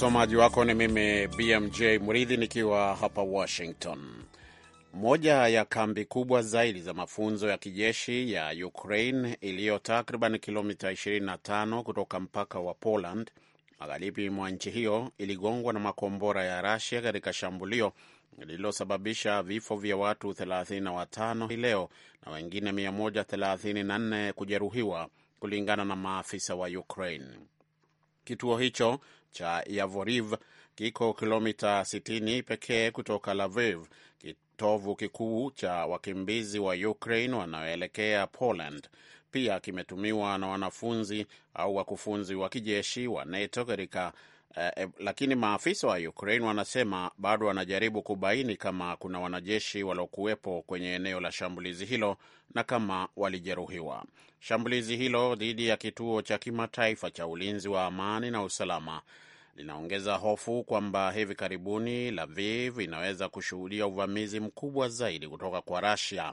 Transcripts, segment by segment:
Msomaji wako ni mimi BMJ Mridhi nikiwa hapa Washington. Moja ya kambi kubwa zaidi za mafunzo ya kijeshi ya Ukraine iliyo takriban kilomita 25 kutoka mpaka wa Poland magharibi mwa nchi hiyo iligongwa na makombora ya Rasia katika shambulio lililosababisha vifo vya watu 35 hii leo na wengine 134 kujeruhiwa kulingana na maafisa wa Ukraine. Kituo hicho cha Yavoriv kiko kilomita 60 pekee kutoka Lviv, kitovu kikuu cha wakimbizi wa Ukraine wanaoelekea Poland. Pia kimetumiwa na wanafunzi au wakufunzi wa kijeshi wa NATO katika eh, lakini maafisa wa Ukraine wanasema bado wanajaribu kubaini kama kuna wanajeshi waliokuwepo kwenye eneo la shambulizi hilo na kama walijeruhiwa. Shambulizi hilo dhidi ya kituo cha kimataifa cha ulinzi wa amani na usalama linaongeza hofu kwamba hivi karibuni Lviv inaweza kushuhudia uvamizi mkubwa zaidi kutoka kwa Russia.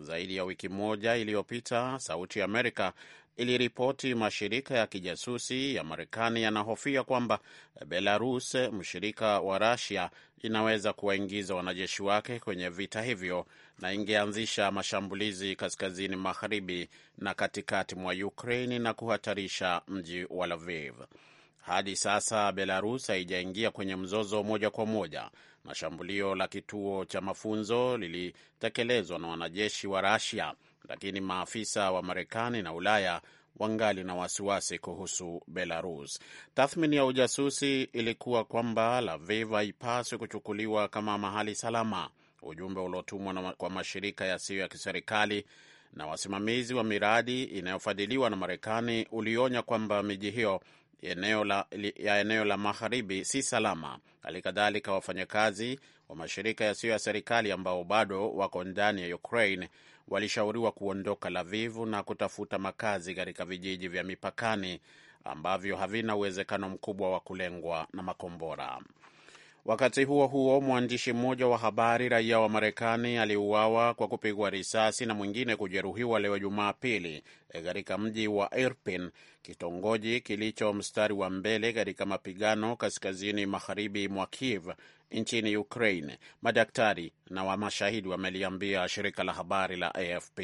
Zaidi ya wiki moja iliyopita, Sauti ya Amerika iliripoti mashirika ya kijasusi ya Marekani yanahofia kwamba Belarus, mshirika wa Rasia, inaweza kuwaingiza wanajeshi wake kwenye vita hivyo na ingeanzisha mashambulizi kaskazini magharibi na katikati mwa Ukraini na kuhatarisha mji wa Lviv. Hadi sasa Belarus haijaingia kwenye mzozo moja kwa moja, na shambulio la kituo cha mafunzo lilitekelezwa na wanajeshi wa Rasia lakini maafisa wa Marekani na Ulaya wangali na wasiwasi kuhusu Belarus. Tathmini ya ujasusi ilikuwa kwamba Lviv haipaswi kuchukuliwa kama mahali salama. Ujumbe uliotumwa kwa mashirika yasiyo ya kiserikali na wasimamizi wa miradi inayofadhiliwa na Marekani ulionya kwamba miji hiyo eneo la, ya eneo la magharibi si salama. Hali kadhalika wafanyakazi wa mashirika yasiyo ya serikali ambao bado wako ndani ya Ukraine walishauriwa kuondoka Lavivu na kutafuta makazi katika vijiji vya mipakani ambavyo havina uwezekano mkubwa wa kulengwa na makombora. Wakati huo huo, mwandishi mmoja wa habari raia wa Marekani aliuawa kwa kupigwa risasi na mwingine kujeruhiwa leo Jumapili eh, katika mji wa Irpin, kitongoji kilicho mstari wa mbele katika mapigano kaskazini magharibi mwa Kiev nchini Ukraine. Madaktari na wamashahidi wameliambia shirika la habari la AFP.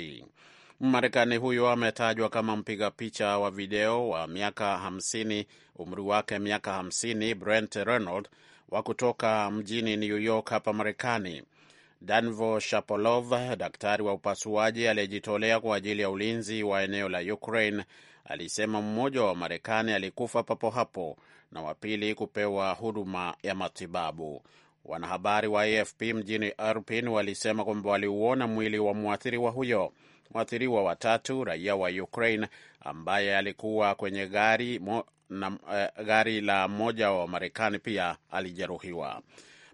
Marekani huyo ametajwa kama mpiga picha wa video wa miaka 50 umri wake miaka 50 Brent Renault wa kutoka mjini New York hapa Marekani. Danvo Shapolov, daktari wa upasuaji aliyejitolea kwa ajili ya ulinzi wa eneo la Ukraine, alisema mmoja wa Marekani alikufa papo hapo na wapili kupewa huduma ya matibabu. Wanahabari wa AFP mjini Irpin walisema kwamba waliuona mwili wa mwathiriwa huyo. Mwathiriwa watatu raia wa Ukraine ambaye alikuwa kwenye gari mo, na, uh, gari la mmoja wa Marekani pia alijeruhiwa.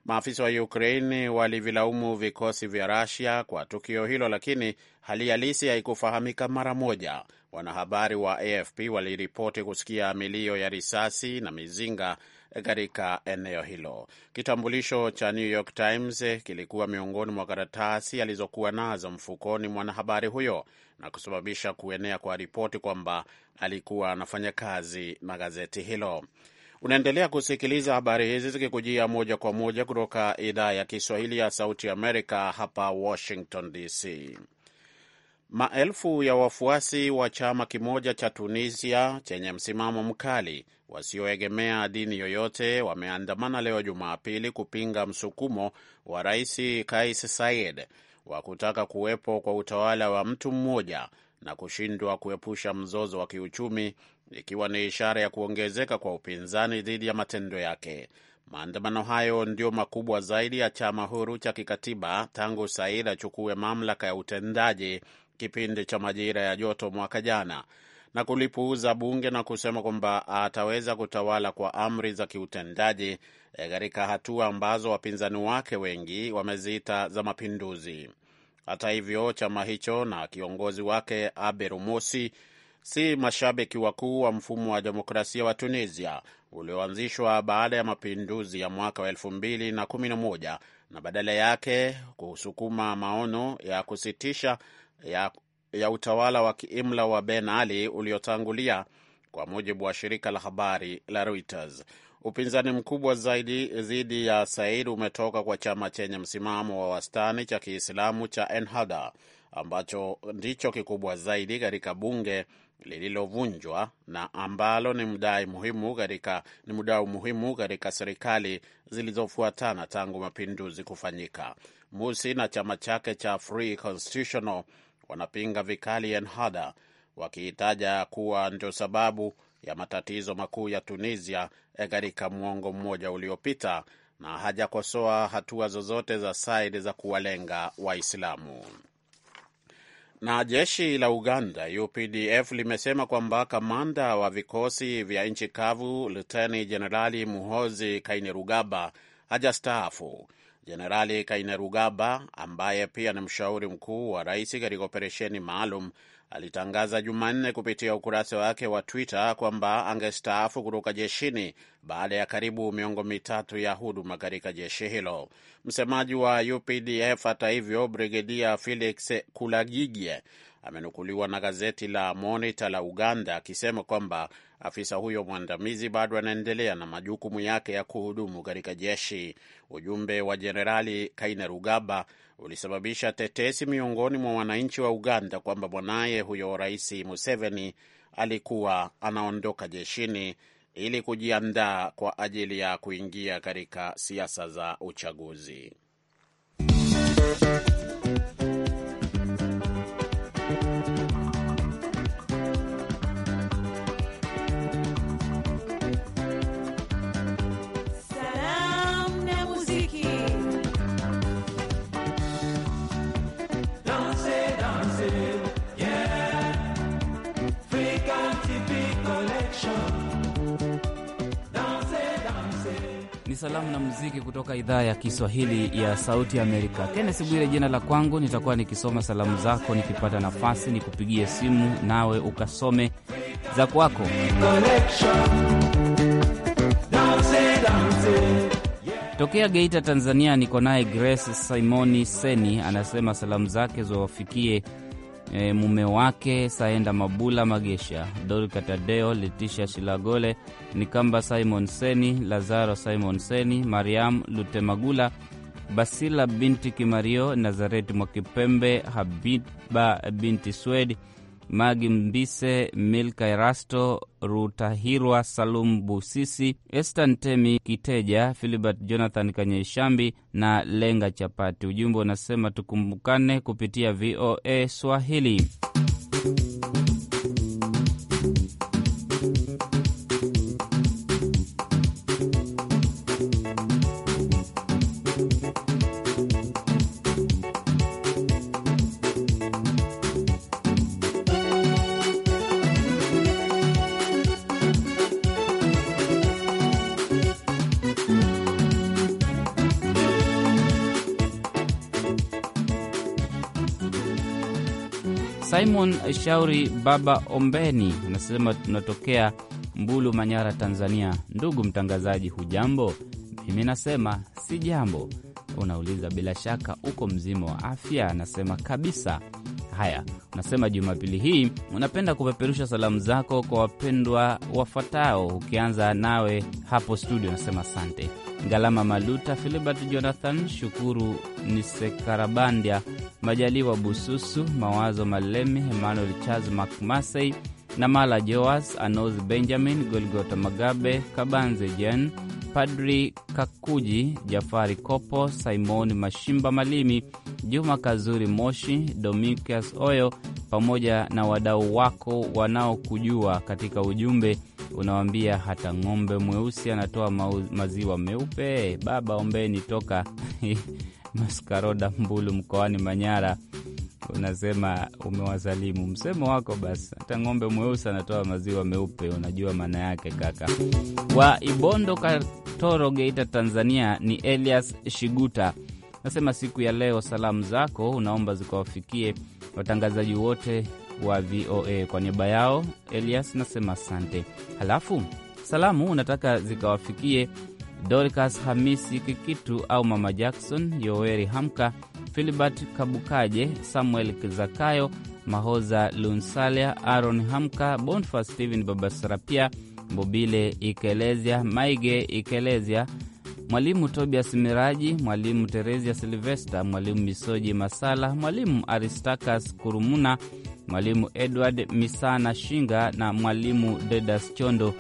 Maafisa wa ukrain walivilaumu vikosi vya Rusia kwa tukio hilo, lakini hali halisi haikufahamika mara moja. Wanahabari wa AFP waliripoti kusikia milio ya risasi na mizinga katika eneo hilo. Kitambulisho cha New York Times kilikuwa miongoni mwa karatasi alizokuwa nazo mfukoni mwanahabari huyo na kusababisha kuenea kwa ripoti kwamba alikuwa anafanya kazi na gazeti hilo. Unaendelea kusikiliza habari hizi zikikujia moja kwa moja kutoka idhaa ya Kiswahili ya Sauti Amerika hapa Washington DC. Maelfu ya wafuasi wa chama kimoja cha Tunisia chenye msimamo mkali wasioegemea dini yoyote wameandamana leo Jumapili kupinga msukumo wa Rais Kais Saied wa kutaka kuwepo kwa utawala wa mtu mmoja na kushindwa kuepusha mzozo wa kiuchumi, ikiwa ni ishara ya kuongezeka kwa upinzani dhidi ya matendo yake. Maandamano hayo ndio makubwa zaidi ya chama huru cha kikatiba tangu Said achukue mamlaka ya utendaji kipindi cha majira ya joto mwaka jana na kulipuuza bunge na kusema kwamba ataweza kutawala kwa amri za kiutendaji e, katika hatua ambazo wapinzani wake wengi wameziita za mapinduzi. Hata hivyo, chama hicho na kiongozi wake Abe Rumosi si mashabiki wakuu wa mfumo wa demokrasia wa Tunisia ulioanzishwa baada ya mapinduzi ya mwaka wa elfu mbili na kumi na moja na badala yake kusukuma maono ya kusitisha ya, ya utawala wa kiimla wa Ben Ali uliotangulia, kwa mujibu wa shirika la habari la Reuters. Upinzani mkubwa zaidi dhidi ya Said umetoka kwa chama chenye msimamo wa wastani cha Kiislamu cha Ennahda ambacho ndicho kikubwa zaidi katika bunge lililovunjwa na ambalo ni mdai muhimu katika ni mdau muhimu katika serikali zilizofuatana tangu mapinduzi kufanyika. Musi na chama chake cha Free Constitutional wanapinga vikali Ennahda wakiitaja kuwa ndio sababu ya matatizo makuu ya Tunisia katika mwongo mmoja uliopita, na hajakosoa hatua zozote za Said za kuwalenga Waislamu. Na jeshi la Uganda UPDF limesema kwamba kamanda wa vikosi vya nchi kavu Luteni Jenerali Muhozi Kainerugaba hajastaafu. Jenerali Kainerugaba, ambaye pia ni mshauri mkuu wa rais katika operesheni maalum, alitangaza Jumanne kupitia ukurasa wake wa Twitter kwamba angestaafu kutoka jeshini baada ya karibu miongo mitatu ya huduma katika jeshi hilo. Msemaji wa UPDF, hata hivyo, Brigedia Felix Kulagigie amenukuliwa na gazeti la Monitor la Uganda akisema kwamba Afisa huyo mwandamizi bado anaendelea na majukumu yake ya kuhudumu katika jeshi. Ujumbe wa Jenerali Kainerugaba ulisababisha tetesi miongoni mwa wananchi wa Uganda kwamba mwanaye huyo Rais Museveni alikuwa anaondoka jeshini ili kujiandaa kwa ajili ya kuingia katika siasa za uchaguzi. salamu na muziki kutoka idhaa ya Kiswahili ya Sauti Amerika. Kennesi Bwire jina la kwangu, nitakuwa nikisoma salamu zako nikipata nafasi, nikupigie simu nawe ukasome za kwako. Tokea Geita, Tanzania, niko naye Grace Simoni Seni, anasema salamu zake ziwafikie e, mume wake Saenda Mabula Magesha, Dorka Tadeo, Letisha Shilagole, Nikamba Simon Seni, Lazaro Simon Seni, Mariam Lutemagula, Basila binti Kimario, Nazareti Mwakipembe, Habiba binti Swedi Magi Mbise, Milka Erasto Rutahirwa, Salum Busisi, Esta Ntemi Kiteja, Filibert Jonathan kanyeshambi na Lenga Chapati. Ujumbe unasema tukumbukane kupitia VOA Swahili. Simon Shauri Baba Ombeni anasema tunatokea Mbulu, Manyara, Tanzania. Ndugu mtangazaji, hujambo? Mimi nasema si jambo. Unauliza bila shaka uko mzima wa afya? Anasema kabisa. Haya, unasema jumapili hii unapenda kupeperusha salamu zako kwa wapendwa wafuatao, ukianza nawe hapo studio. Anasema asante Ngalama Maluta, Filibert Jonathan, Shukuru Nisekarabandia, Majaliwa Bususu, Mawazo Malemi, Emmanuel Charles Macmasey, Namala Joas, Anos Benjamin, Golgota Magabe, Kabanze Jen Padri Kakuji, Jafari Kopo, Simon Mashimba Malimi, Juma Kazuri Moshi, Domicus Oyo pamoja na wadau wako wanaokujua katika ujumbe unawambia hata ng'ombe mweusi anatoa maziwa meupe. Baba, ombeni toka Maskaroda Mbulu mkoani Manyara, unasema umewazalimu. Msemo wako basi, hata ng'ombe mweusi anatoa maziwa meupe. Unajua maana yake, kaka wa Ibondo, Katoro, Geita, Tanzania. Ni Elias Shiguta nasema siku ya leo salamu zako unaomba zikawafikie watangazaji wote wa VOA. Kwa niaba yao Elias nasema asante. Halafu salamu unataka zikawafikie Dorcas Hamisi Kikitu au Mama Jackson, Yoweri Hamka, Filibert Kabukaje, Samuel Kizakayo, Mahoza Lunsalia, Aaron Hamka, bonfa Stephen Babasarapia, Mbobile Ikelezia, Maige Ikelezia, Mwalimu Tobias Miraji, Mwalimu Teresia Silvesta, Mwalimu Misoji Masala, Mwalimu Aristakas Kurumuna, Mwalimu Edward Misana Shinga na Mwalimu Dedas Chondo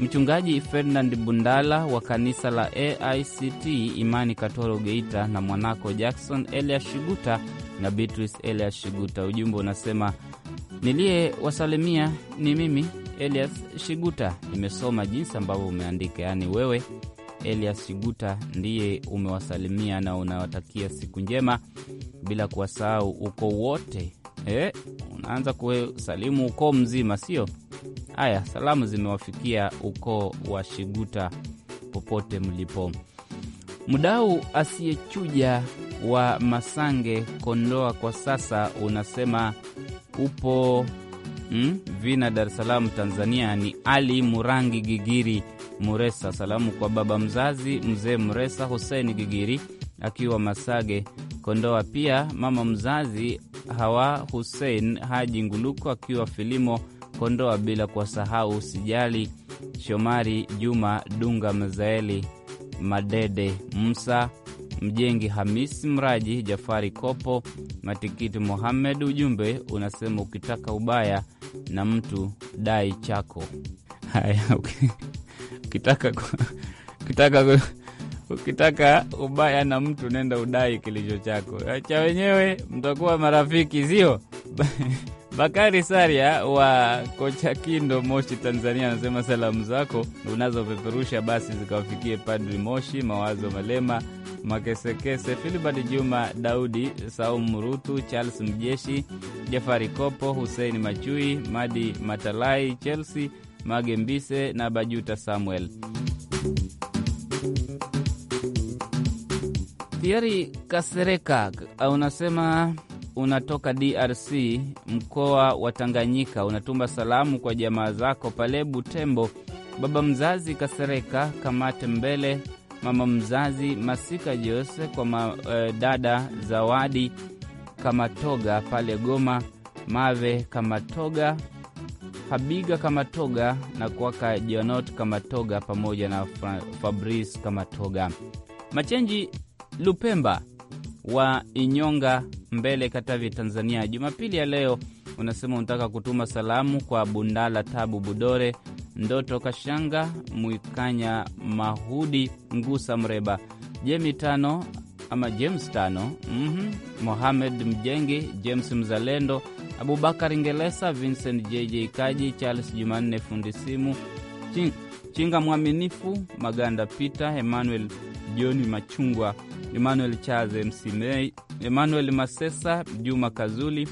Mchungaji Ferdinand Bundala wa kanisa la AICT Imani Katoro Geita na mwanako Jackson Elias Shiguta na Beatrice Elias Shiguta. Ujumbe unasema niliyewasalimia ni mimi Elias Shiguta. Nimesoma jinsi ambavyo umeandika, yaani wewe Elias Shiguta ndiye umewasalimia na unawatakia siku njema, bila kuwasahau uko wote. eh, unaanza kusalimu uko mzima, sio Haya, salamu zimewafikia ukoo wa Shiguta popote mlipo. Mdau asiyechuja wa Masange, Kondoa, kwa sasa unasema upo mm, Vina, Dar es Salaam, Tanzania. Ni Ali Murangi Gigiri Muresa, salamu kwa baba mzazi mzee Muresa Huseni Gigiri akiwa Masage Kondoa, pia mama mzazi Hawa husein Haji Nguluko akiwa Filimo Kondoa, bila kuwasahau Sijali Shomari, Juma Dunga, Mazaeli Madede, Musa Mjengi, Hamisi Mraji, Jafari Kopo, Matikiti muhammed Ujumbe unasema ukitaka ubaya na mtu dai chako. Haya, ukitaka ukitaka ukitaka ubaya na mtu nenda udai kilicho chako, cha wenyewe mtakuwa marafiki, sio? Bakari Saria wa kocha kindo Moshi, Tanzania, anasema salamu zako unazopeperusha basi zikawafikie Padri Moshi, Mawazo Malema, Makesekese, Filibert Juma, Daudi Saumu Mrutu, Charles Mjeshi, Jafari Kopo, Huseini Machui, Madi Matalai, Chelsea Magembise na Bajuta Samuel. tiari Kasereka unasema unatoka DRC, mkoa wa Tanganyika, unatuma salamu kwa jamaa zako pale Butembo, baba mzazi Kasereka Kamate Mbele, mama mzazi Masika Jose, kwa ma, e, dada Zawadi Kamatoga pale Goma, Mave Kamatoga, Habiga Kamatoga na kwaka Jonot Kamatoga pamoja na Fabrice Kamatoga, Machenji Lupemba wa Inyonga Mbele, Katavi, Tanzania. Jumapili ya leo unasema unataka kutuma salamu kwa Bundala Tabu Budore, Ndoto Kashanga, Mwikanya Mahudi, Ngusa Mreba, Jemi tano ama James tano, mm -hmm, Mohamed Mjengi, James Mzalendo, Abubakar Ngelesa, Vincent JJ Kaji, Charles Jumanne fundi simu, Chinga Mwaminifu, Maganda Peter, Emmanuel Joni Machungwa Emmanuel Charles Msimei, Emmanuel Masesa, Juma Kazuli,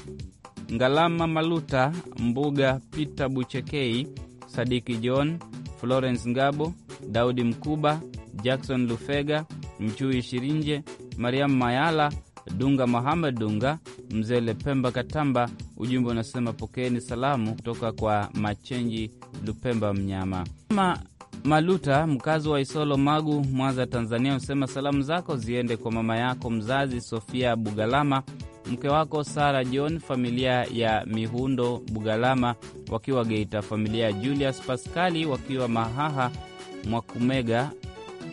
Ngalama Maluta, Mbuga Peter Buchekei, Sadiki John, Florence Ngabo, Daudi Mkuba, Jackson Lufega, Mchui Shirinje, Mariamu Mayala, Dunga Mohamed Dunga, Mzee Lepemba Katamba. Ujumbe unasema pokeeni salamu kutoka kwa Machenji Lupemba Mnyama. Maluta, mkazi wa Isolo, Magu, Mwanza, Tanzania, amesema salamu zako ziende kwa mama yako mzazi Sofia Bugalama, mke wako Sara John, familia ya Mihundo Bugalama wakiwa Geita, familia ya Julius Paskali wakiwa Mahaha Mwakumega,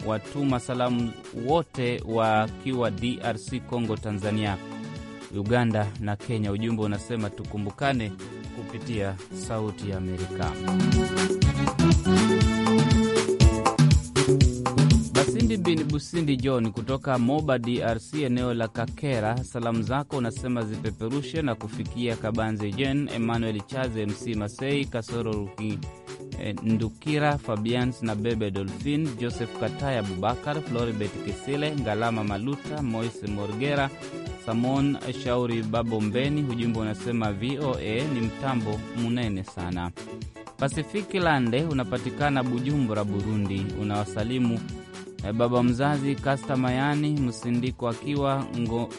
watuma salamu wote wakiwa DRC Congo, Tanzania, Uganda na Kenya. Ujumbe unasema tukumbukane kupitia Sauti ya Amerika. Mimi bin Busindi John kutoka Moba, DRC, eneo la Kakera. Salamu zako unasema zipeperushe na kufikia Kabanze Jen, Emmanuel Chaze, MC Masei, Kasoro Ruki eh, Ndukira, Fabians na Bebe Dolphin, Joseph Kataya, Abubakar floribet Kesile, Ngalama Maluta, Moise Morgera, Samon Shauri Babombeni. Hujumbe unasema VOA ni mtambo munene sana. Pasifiki Lande unapatikana Bujumbura, Burundi, unawasalimu Eh, baba mzazi Kasta Mayani Msindiko akiwa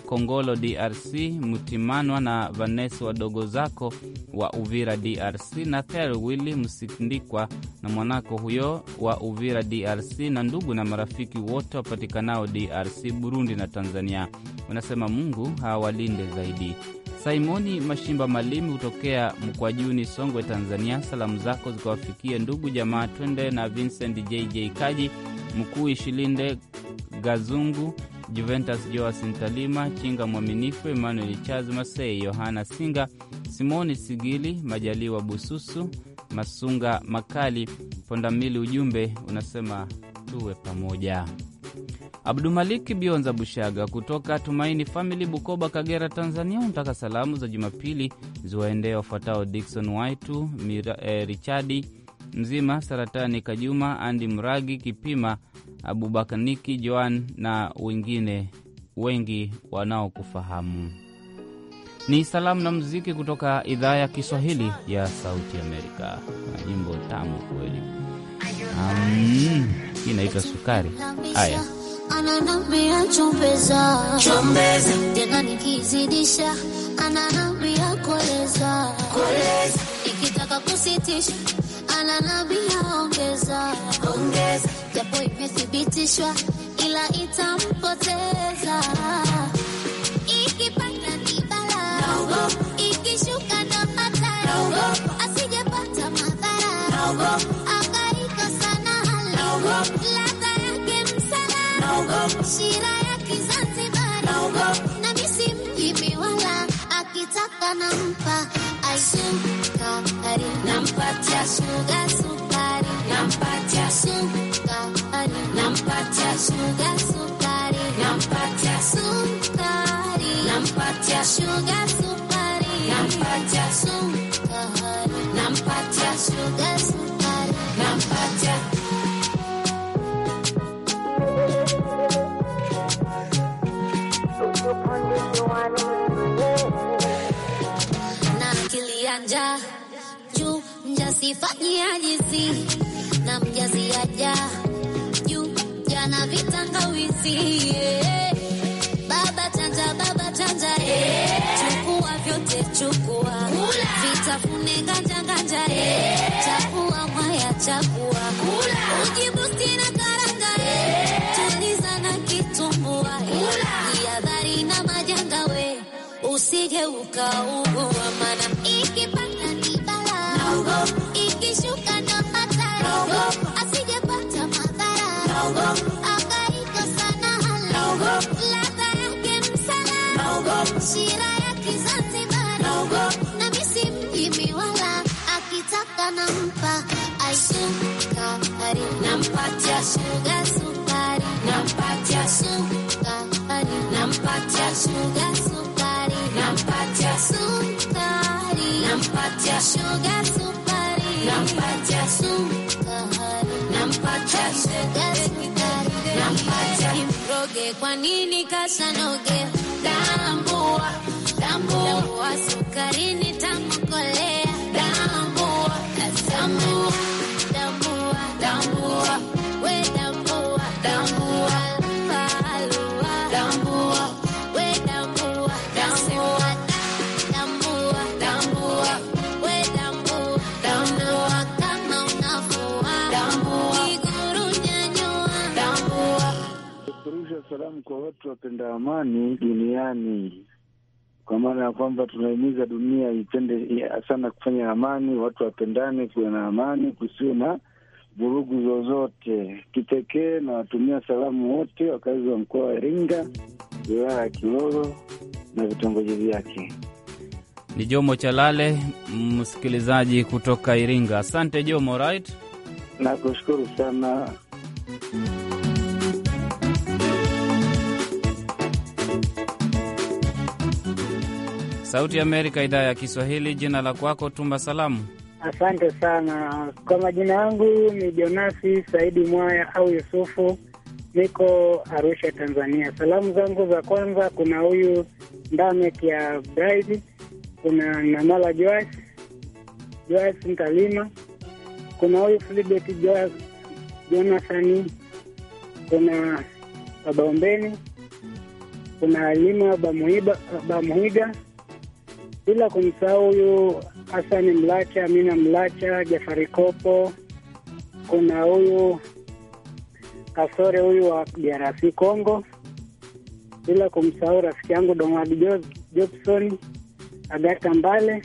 Kongolo DRC, Mtimanwa na Vanesi wadogo zako wa Uvira DRC, na Thel Willi Msindikwa na mwanako huyo wa Uvira DRC, na ndugu na marafiki wote wapatikanao DRC, Burundi na Tanzania. Unasema Mungu hawalinde zaidi. Simoni Mashimba Malimi hutokea Mkwajuni, Songwe, Tanzania. Salamu zako zikawafikia ndugu jamaa Twende na Vincent JJ Kaji, Mkuu Ishilinde Gazungu, Juventus Joas Ntalima, Chinga Mwaminifu, Emmanuel Charles Masei, Yohana Singa, Simoni Sigili, Majaliwa Bususu, Masunga Makali Pondamili. Ujumbe unasema tuwe pamoja. Abdumaliki Bionza Bushaga kutoka Tumaini Famili, Bukoba, Kagera, Tanzania, unataka salamu za Jumapili ziwaendee wafuatao: Dikson Waitu eh, Richadi Mzima, Saratani Kajuma, Andi Mragi Kipima, niki Joan na wengine wengi wanaokufahamu. Ni salamu na muziki kutoka idhaa ya Kiswahili ya Sauti Amerika na nyimbo tamu kweli, um, inaitwa Sukari. Haya ananambia chombeza chombeza, tena nikizidisha ananambia koleza koleza, ikitaka kusitisha ananambia ongeza ongeza, japo imethibitishwa ila itampoteza Iki shira ya Kizanzibari na misi mjimi wala akitaka nampa aisukari nampatia suga sukari nampatia sukari nampatia suga sukari nampatia sukari nampatia suga sukari nampatia sukari nampatia suga sukari mhifadhi ajizi na mjazi aja juu jana vitangawizi Baba chanja, baba chanja Chukua vyote chukua, vitafune nganja nganja Chakua mwaya chakua, ujibu sina karanga yeah. Tuliza na kitumbua, jihadhari na majanga we, usije ukau nampa sukari, nampatia suga sukari, nampatia sukari, nampatia suga sukari, nampatia sukari, nampatia suga sukari, nampatia sukari, nampatia suga sukari, nampatia mroge. Kwa nini kasanoge? Tambua, tambua sukarini salamu kwa watu wapenda amani duniani, kwa maana ya kwamba tunahimiza dunia ipende sana kufanya amani, watu wapendane, kuwe na amani, kusiwe na vurugu zozote. Kipekee na watumia salamu wote wakazi wa mkoa wa Iringa, wilaya ya Kilolo na vitongoji vyake. Ni Jomo Chalale, msikilizaji kutoka Iringa. Asante Jomo. Right, nakushukuru sana. Sauti ya Amerika, idhaa ya Kiswahili. Jina la kwako? tumba salamu. Asante sana kwa majina yangu ni Jonasi Saidi Mwaya au Yusufu, niko Arusha, Tanzania. Salamu zangu za kwanza, kuna huyu Ndamek ya Bride, kuna Namala joas Joyce Mtalima, kuna huyu Flibet Jonathani, kuna Babaombeni, kuna lima Bamuiga bila kumsahau huyu Hasani Mlacha, Amina Mlacha, Jafari Kopo, kuna huyu Kasore huyu wa DRC Congo, bila kumsahau rafiki yangu Donald Jobson, Agata Mbale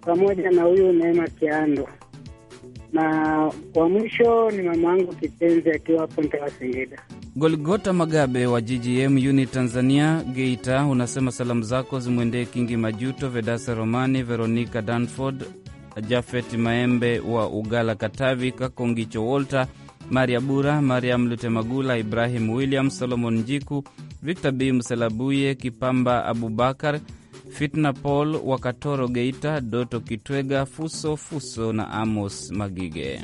pamoja na huyu Neema Kiando na wa mwisho ni mama yangu kipenzi akiwa hapo Ntewa Singida. Golgota Magabe wa GGM Unit Tanzania, Geita, unasema salamu zako zimwendee Kingi Majuto, Vedasa Romani, Veronica Danford, Jafet Maembe wa Ugala, Katavi, Kakongicho Walter, Maria Bura, Mariam Lutemagula, Ibrahim William, Solomon Njiku, Victor B Mselabuye, Kipamba Abubakar, Fitna Paul wa Katoro, Geita, Doto Kitwega, Fuso Fuso na Amos Magige.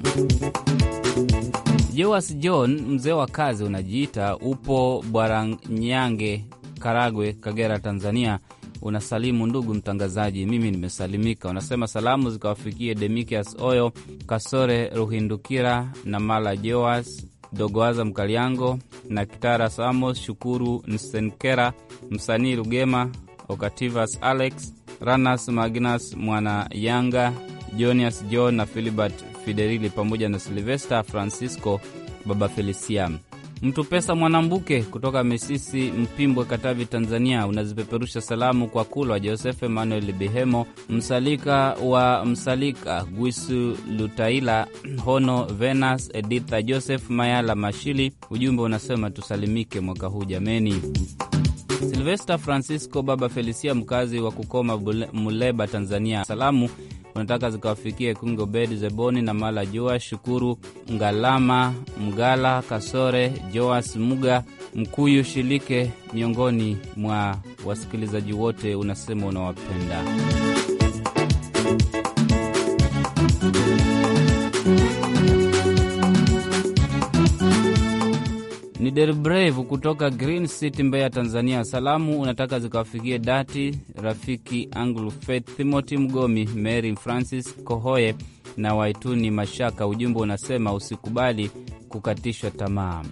Joas John, mzee wa kazi unajiita, upo Bwaranyange, Karagwe, Kagera, Tanzania. Unasalimu ndugu mtangazaji, mimi nimesalimika. Unasema salamu zikawafikie Demikias Oyo, Kasore Ruhindukira na Mala Joas Dogoaza Mkaliango na Kitara Samos, Shukuru Nsenkera, msanii Rugema, Okativas Alex, Ranas Magnas, Mwana Yanga, Jonias John na Filibert Fiderili pamoja na Silvesta Francisco Baba Felician. Mtu Pesa Mwanambuke kutoka Misisi Mpimbwe, Katavi, Tanzania, unazipeperusha salamu kwa Kulwa Josefu emmanuel Bihemo Msalika wa Msalika Gwisu Lutaila Hono Venas Editha Joseph Mayala Mashili. Ujumbe unasema tusalimike mwaka huu jameni. Silvesta Francisco Baba Felisia, mkazi wa Kukoma Muleba, Tanzania, salamu unataka zikawafikie Kungo Bedi Zeboni na Mala Joa, Shukuru Ngalama, Mgala Kasore, Joas Muga, Mkuyu Shilike, miongoni mwa wasikilizaji wote unasema unawapenda. Ni Brave kutoka Green City, Mbeya, Tanzania. Salamu unataka zikawafikie Dati Rafiki, Anglufet Timothy Mgomi, Mary Francis Kohoye na Waituni Mashaka. Ujumbe unasema usikubali kukatishwa tamaa.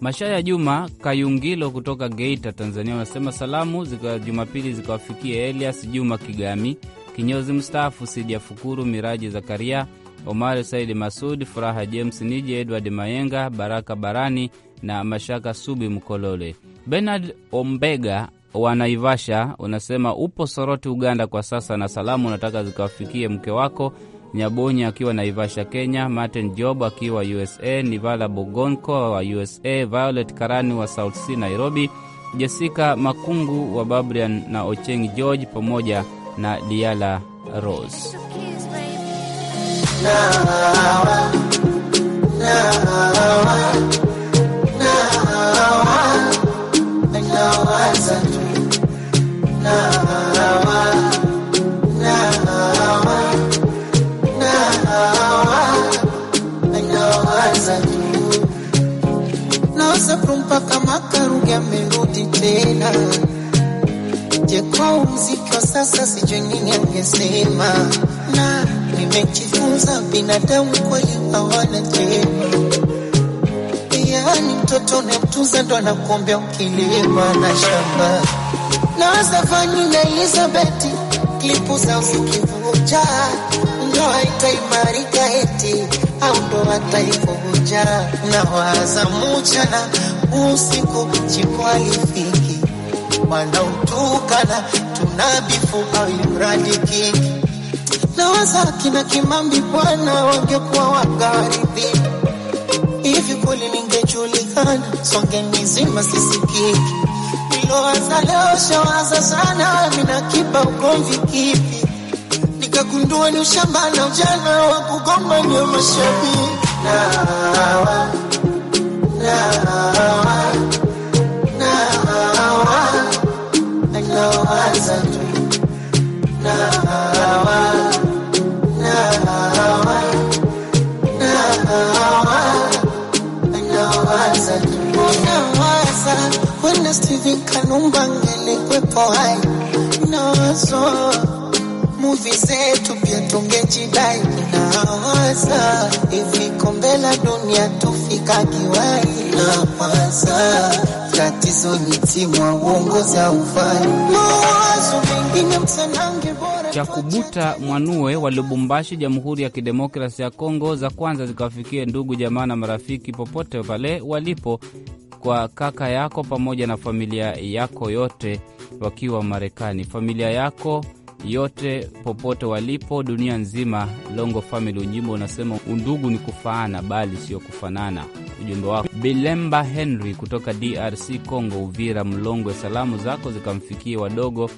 Mashaya Juma Kayungilo kutoka Geita, Tanzania, unasema salamu zika Jumapili zikawafikie Elias Juma Kigami, kinyozi mstaafu, Sidia Fukuru, Miraji Zakaria, omar Saidi Masud, Furaha James Nije, Edward Mayenga, Baraka Barani na Mashaka Subi Mkolole. Bernard Ombega wa Naivasha unasema upo Soroti, Uganda kwa sasa, na salamu unataka zikawafikie mke wako Nyabonya akiwa Naivasha, Kenya, Martin Job akiwa USA, Nivala Bogonko wa USA, Violet Karani wa South C Nairobi, Jessica Makungu wa Babrian na Ocheng George pamoja na Diala Rose. Nakuru mpaka Makaruge amerudi tena. Je, kwa mziki wa sasa sijui nini angesema, na nimejifunza binadamu kweli hawana jema. Yani mtoto unamtunza ndo anakuombea ukilima na shamba na Zafani na Elizabeth klipu za zikivuja ndoa itaimarika eti au ndoa taivuja na waza usiku chikwalifiki utukana tunabifu au uradi kiki na wazaki na Kimambi bwana wangekuwa wangaribi hivi kweli, ningejulikana songe mizima sisikiki nilowaza leo shawaza sana mina kiba ugomvi kipi nikagundua ni ushamba na ujana wa kugoma ndio mashabiki na Sivika numbangele tungejidai nawaza hivi kombe dunia tu kufika kiwai na pasa tatizo ni timu uongozi au mawazo mengine msanange kubuta Mwanue wa Lubumbashi, Jamhuri ya Kidemokrasi ya Kongo, za kwanza zikawafikie ndugu jamaa na marafiki popote pale walipo, kwa kaka yako pamoja na familia yako yote wakiwa Marekani. Familia yako yote popote walipo dunia nzima. Longo Family, ujimbo unasema undugu ni kufaana, bali sio kufanana. Ujumbe wako Bilemba Henry kutoka DRC Congo, Uvira Mlongwe. Salamu zako zikamfikie wadogo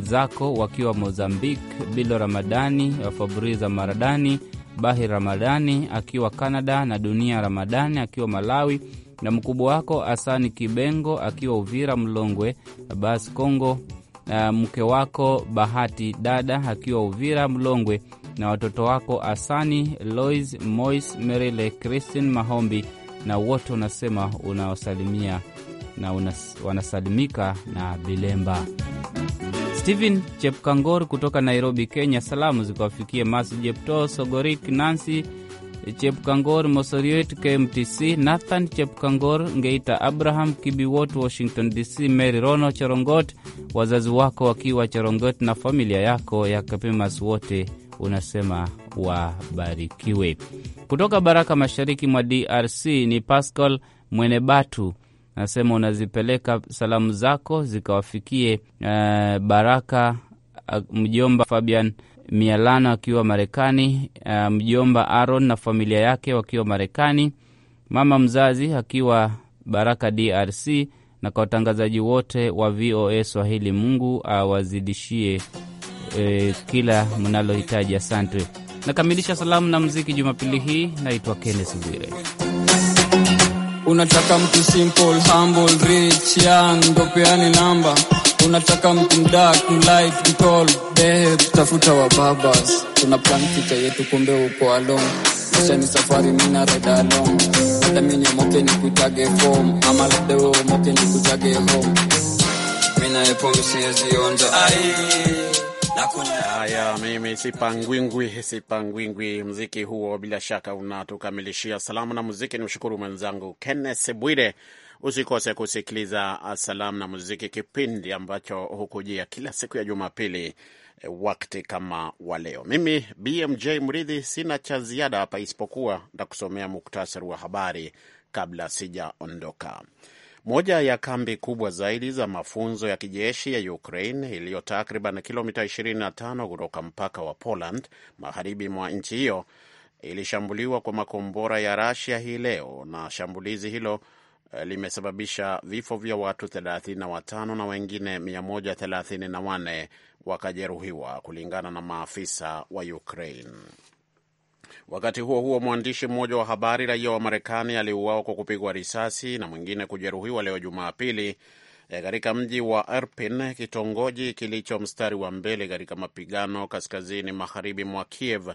zako wakiwa Mozambique, Bilo Ramadani Fabriza Maradani Bahi Ramadani akiwa Canada na Dunia Ramadani akiwa Malawi na mkubwa wako Asani Kibengo akiwa Uvira Mlongwe, Abas Congo na mke wako Bahati dada akiwa Uvira Mlongwe, na watoto wako Asani Lois, Mois, Merile, Christine Mahombi, na wote unasema unawasalimia na unas, wanasalimika na Bilemba. Stephen Chepkangor kutoka Nairobi, Kenya, salamu zikawafikie masi Jepto Sogorik, Nancy Chepkangor Mosoriot KMTC, Nathan Chepkangor Ngeita, Abraham Kibiwot Washington DC, Mary Rono Chorongot, wazazi wako wakiwa Chorongot na familia yako ya Kapimas wote unasema wabarikiwe. Kutoka Baraka, mashariki mwa DRC ni Pascal Mwenebatu nasema unazipeleka salamu zako zikawafikie uh, Baraka uh, mjomba Fabian Mialano akiwa Marekani, uh, mjomba Aaron na familia yake wakiwa Marekani, mama mzazi akiwa Baraka DRC, na kwa watangazaji wote wa VOA Swahili, Mungu awazidishie uh, kila mnalohitaji. Asante. Nakamilisha salamu na mziki jumapili hii. Naitwa kennes Bwire. Unataka mtu simple, humble, rich, young, ndopeani namba Unataka mtu mdaku life call babe, tafuta wa babas, tuna plan kita yetu, kumbe uko alone. Kisha ni safari mina ride along, hata mimi moke ni kutage form ama labda wewe moke ni kutage home, mina epo siwezi onja ai Haya, mimi sipangwingwi, sipangwingwi. Mziki huo bila shaka unatukamilishia salamu na muziki. Ni mshukuru mwenzangu Kenneth Bwire Usikose kusikiliza uh, salamu na muziki, kipindi ambacho hukujia kila siku ya Jumapili eh, wakti kama wa leo. Mimi BMJ Mridhi, sina cha ziada hapa isipokuwa ntakusomea muktasari wa habari kabla sijaondoka. Moja ya kambi kubwa zaidi za mafunzo ya kijeshi ya Ukraine iliyo takriban kilomita 25 kutoka mpaka wa Poland, magharibi mwa nchi hiyo, ilishambuliwa kwa makombora ya Russia hii leo, na shambulizi hilo Eh, limesababisha vifo vya watu 35 na wengine 134 wakajeruhiwa kulingana na maafisa wa Ukraine. Wakati huo huo, mwandishi mmoja wa habari raia wa Marekani aliuawa kwa kupigwa risasi na mwingine kujeruhiwa leo Jumapili Eh, katika mji wa Irpin, kitongoji kilicho mstari wa mbele katika mapigano kaskazini magharibi mwa Kiev eh,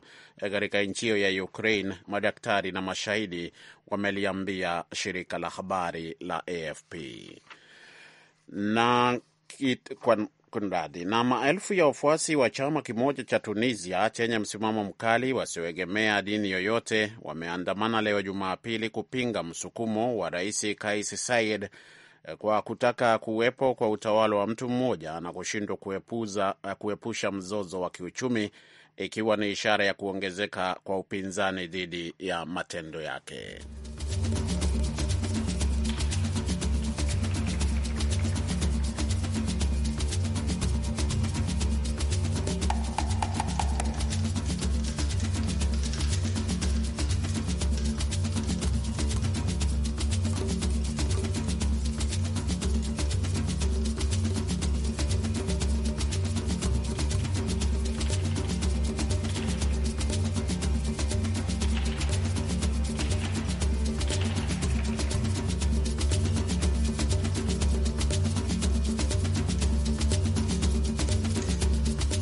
katika nchi hiyo ya Ukraine, madaktari na mashahidi wameliambia shirika la habari la AFP na kit, kwa, Kundadi. Na maelfu ya wafuasi wa chama kimoja cha Tunisia chenye msimamo mkali wasioegemea dini yoyote wameandamana leo Jumapili kupinga msukumo wa Rais Kais Saied Eh, kwa kutaka kuwepo kwa utawala wa mtu mmoja na kushindwa eh, kuepusha mzozo wa kiuchumi, ikiwa ni ishara ya kuongezeka kwa upinzani dhidi ya matendo yake.